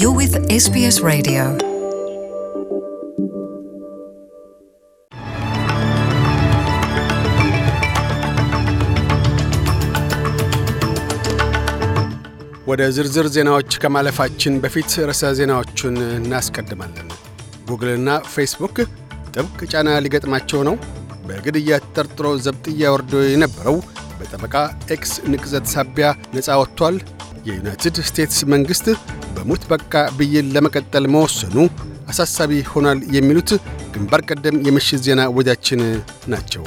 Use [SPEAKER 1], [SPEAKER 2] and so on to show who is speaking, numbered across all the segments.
[SPEAKER 1] You're with SBS Radio. ወደ ዝርዝር ዜናዎች ከማለፋችን በፊት ርዕሰ ዜናዎቹን እናስቀድማለን። ጉግልና ፌስቡክ ጥብቅ ጫና ሊገጥማቸው ነው። በግድያ ተጠርጥሮ ዘብጥ እያወርዶ የነበረው በጠበቃ ኤክስ ንቅዘት ሳቢያ ነፃ ወጥቷል። የዩናይትድ ስቴትስ መንግሥት አሙርት በቃ ብይን ለመቀጠል መወሰኑ አሳሳቢ ሆኗል የሚሉት ግንባር ቀደም የምሽት ዜና ወጃችን ናቸው።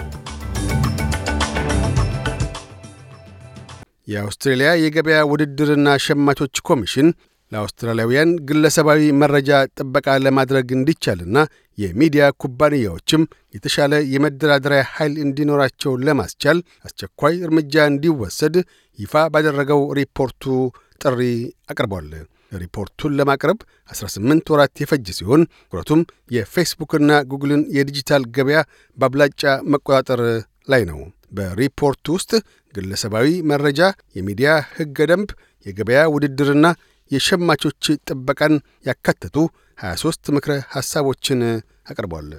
[SPEAKER 1] የአውስትሬልያ የገበያ ውድድርና ሸማቾች ኮሚሽን ለአውስትራሊያውያን ግለሰባዊ መረጃ ጥበቃ ለማድረግ እንዲቻልና የሚዲያ ኩባንያዎችም የተሻለ የመደራደሪያ ኃይል እንዲኖራቸው ለማስቻል አስቸኳይ እርምጃ እንዲወሰድ ይፋ ባደረገው ሪፖርቱ ጥሪ አቅርቧል። ሪፖርቱን ለማቅረብ 18 ወራት የፈጀ ሲሆን ትኩረቱም የፌስቡክና ጉግልን የዲጂታል ገበያ በአብላጫ መቆጣጠር ላይ ነው። በሪፖርቱ ውስጥ ግለሰባዊ መረጃ፣ የሚዲያ ሕገ ደንብ፣ የገበያ ውድድርና የሸማቾች ጥበቃን ያካተቱ 23 ምክረ ሐሳቦችን አቅርቧል።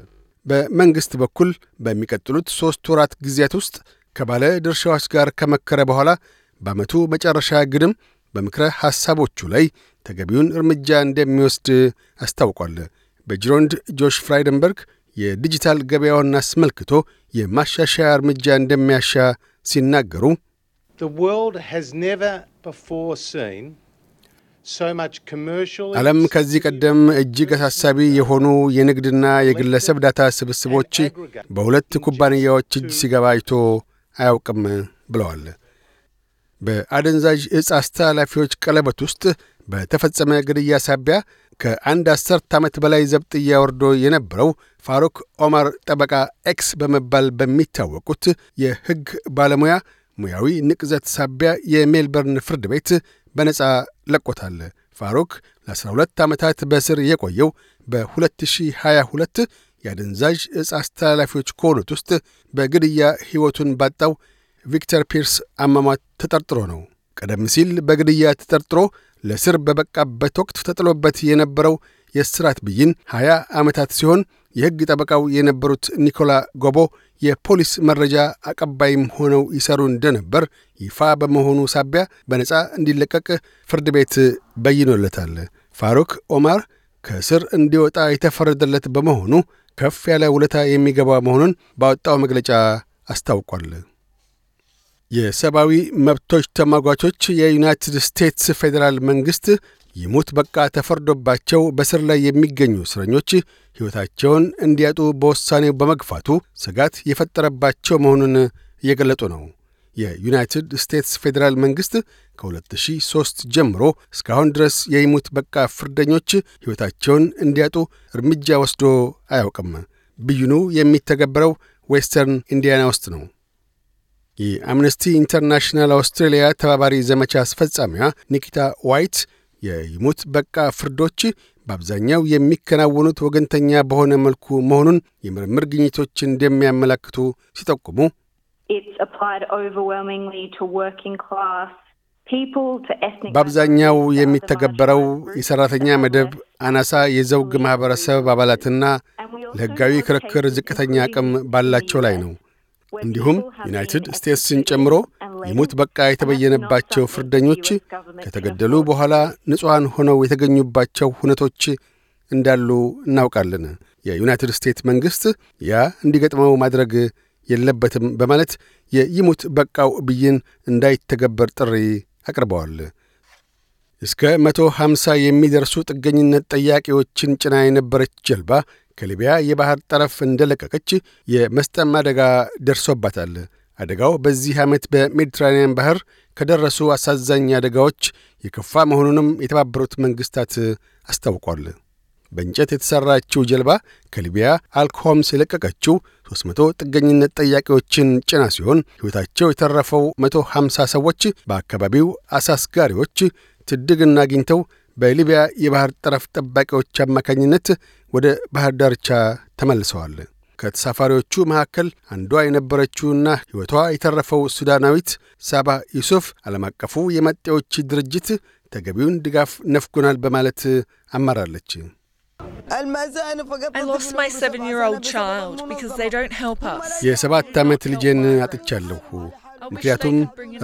[SPEAKER 1] በመንግሥት በኩል በሚቀጥሉት ሦስት ወራት ጊዜያት ውስጥ ከባለ ድርሻዎች ጋር ከመከረ በኋላ በዓመቱ መጨረሻ ግድም በምክረ ሐሳቦቹ ላይ ተገቢውን እርምጃ እንደሚወስድ አስታውቋል። በጅሮንድ ጆሽ ፍራይደንበርግ የዲጂታል ገበያውን አስመልክቶ የማሻሻያ እርምጃ እንደሚያሻ ሲናገሩ ዓለም ከዚህ ቀደም እጅግ አሳሳቢ የሆኑ የንግድና የግለሰብ ዳታ ስብስቦች በሁለት ኩባንያዎች እጅ ሲገባ አይቶ አያውቅም ብለዋል። በአደንዛዥ ዕፅ አስተላላፊዎች ቀለበት ውስጥ በተፈጸመ ግድያ ሳቢያ ከአንድ አስርት ዓመት በላይ ዘብጥያ ወርዶ የነበረው ፋሩክ ኦማር ጠበቃ ኤክስ በመባል በሚታወቁት የሕግ ባለሙያ ሙያዊ ንቅዘት ሳቢያ የሜልበርን ፍርድ ቤት በነፃ ለቆታል። ፋሩክ ለ12 ዓመታት በስር የቆየው በ2022 የአደንዛዥ ዕፅ አስተላላፊዎች ከሆኑት ውስጥ በግድያ ሕይወቱን ባጣው ቪክተር ፒርስ አሟሟት ተጠርጥሮ ነው። ቀደም ሲል በግድያ ተጠርጥሮ ለስር በበቃበት ወቅት ተጥሎበት የነበረው የእስራት ብይን 20 ዓመታት ሲሆን የሕግ ጠበቃው የነበሩት ኒኮላ ጎቦ የፖሊስ መረጃ አቀባይም ሆነው ይሰሩ እንደነበር ይፋ በመሆኑ ሳቢያ በነፃ እንዲለቀቅ ፍርድ ቤት በይኖለታል። ፋሩክ ኦማር ከእስር እንዲወጣ የተፈረደለት በመሆኑ ከፍ ያለ ውለታ የሚገባ መሆኑን ባወጣው መግለጫ አስታውቋል። የሰብአዊ መብቶች ተሟጓቾች የዩናይትድ ስቴትስ ፌዴራል መንግሥት ይሙት በቃ ተፈርዶባቸው በስር ላይ የሚገኙ እስረኞች ሕይወታቸውን እንዲያጡ በውሳኔው በመግፋቱ ስጋት የፈጠረባቸው መሆኑን እየገለጡ ነው። የዩናይትድ ስቴትስ ፌዴራል መንግሥት ከ2003 ጀምሮ እስካሁን ድረስ የይሙት በቃ ፍርደኞች ሕይወታቸውን እንዲያጡ እርምጃ ወስዶ አያውቅም። ብይኑ የሚተገበረው ዌስተርን ኢንዲያና ውስጥ ነው። የአምነስቲ ኢንተርናሽናል አውስትሬልያ ተባባሪ ዘመቻ አስፈጻሚዋ ኒኪታ ዋይት የይሙት በቃ ፍርዶች በአብዛኛው የሚከናወኑት ወገንተኛ በሆነ መልኩ መሆኑን የምርምር ግኝቶች እንደሚያመላክቱ ሲጠቁሙ በአብዛኛው የሚተገበረው የሠራተኛ መደብ አናሳ የዘውግ ማኅበረሰብ አባላትና ለሕጋዊ ክርክር ዝቅተኛ አቅም ባላቸው ላይ ነው። እንዲሁም ዩናይትድ ስቴትስን ጨምሮ ይሙት በቃ የተበየነባቸው ፍርደኞች ከተገደሉ በኋላ ንጹሐን ሆነው የተገኙባቸው ሁነቶች እንዳሉ እናውቃለን። የዩናይትድ ስቴትስ መንግሥት ያ እንዲገጥመው ማድረግ የለበትም በማለት የይሙት በቃው ብይን እንዳይተገበር ጥሪ አቅርበዋል። እስከ መቶ ሃምሳ የሚደርሱ ጥገኝነት ጠያቂዎችን ጭና የነበረች ጀልባ ከሊቢያ የባሕር ጠረፍ እንደለቀቀች የመስጠም አደጋ ደርሶባታል። አደጋው በዚህ ዓመት በሜዲትራንያን ባህር ከደረሱ አሳዛኝ አደጋዎች የከፋ መሆኑንም የተባበሩት መንግሥታት አስታውቋል። በእንጨት የተሠራችው ጀልባ ከሊቢያ አልኮምስ የለቀቀችው 300 ጥገኝነት ጠያቂዎችን ጭና ሲሆን ሕይወታቸው የተረፈው 150 ሰዎች በአካባቢው አሳስጋሪዎች ትድግና አግኝተው በሊቢያ የባህር ጠረፍ ጠባቂዎች አማካኝነት ወደ ባህር ዳርቻ ተመልሰዋል። ከተሳፋሪዎቹ መካከል አንዷ የነበረችውና ሕይወቷ የተረፈው ሱዳናዊት ሳባ ዩሱፍ ዓለም አቀፉ የመጤዎች ድርጅት ተገቢውን ድጋፍ ነፍጎናል በማለት አማራለች። የሰባት ዓመት ልጄን አጥቻለሁ። ምክንያቱም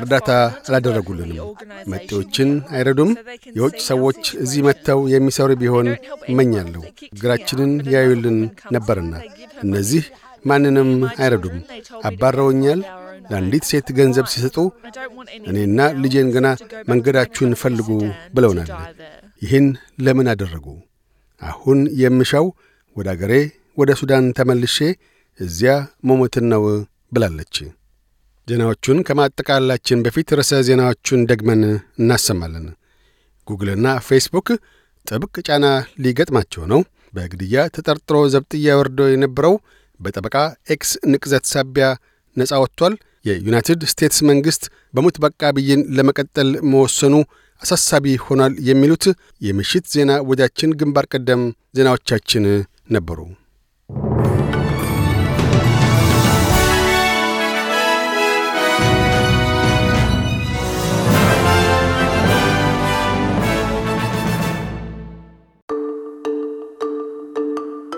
[SPEAKER 1] እርዳታ አላደረጉልንም። መጤዎችን አይረዱም። የውጭ ሰዎች እዚህ መጥተው የሚሰሩ ቢሆን እመኛለሁ። እግራችንን ያዩልን ነበርና እነዚህ ማንንም አይረዱም። አባረውኛል። ለአንዲት ሴት ገንዘብ ሲሰጡ እኔና ልጄን ገና መንገዳችሁን ፈልጉ ብለውናል። ይህን ለምን አደረጉ? አሁን የምሻው ወደ አገሬ ወደ ሱዳን ተመልሼ እዚያ መሞትን ነው ብላለች። ዜናዎቹን ከማጠቃላችን በፊት ርዕሰ ዜናዎቹን ደግመን እናሰማለን። ጉግልና ፌስቡክ ጥብቅ ጫና ሊገጥማቸው ነው። በግድያ ተጠርጥሮ ዘብጥያ ወርዶ የነበረው በጠበቃ ኤክስ ንቅዘት ሳቢያ ነፃ ወጥቷል። የዩናይትድ ስቴትስ መንግሥት በሙት በቃ ብይን ለመቀጠል መወሰኑ አሳሳቢ ሆኗል። የሚሉት የምሽት ዜና ወጃችን ግንባር ቀደም ዜናዎቻችን ነበሩ።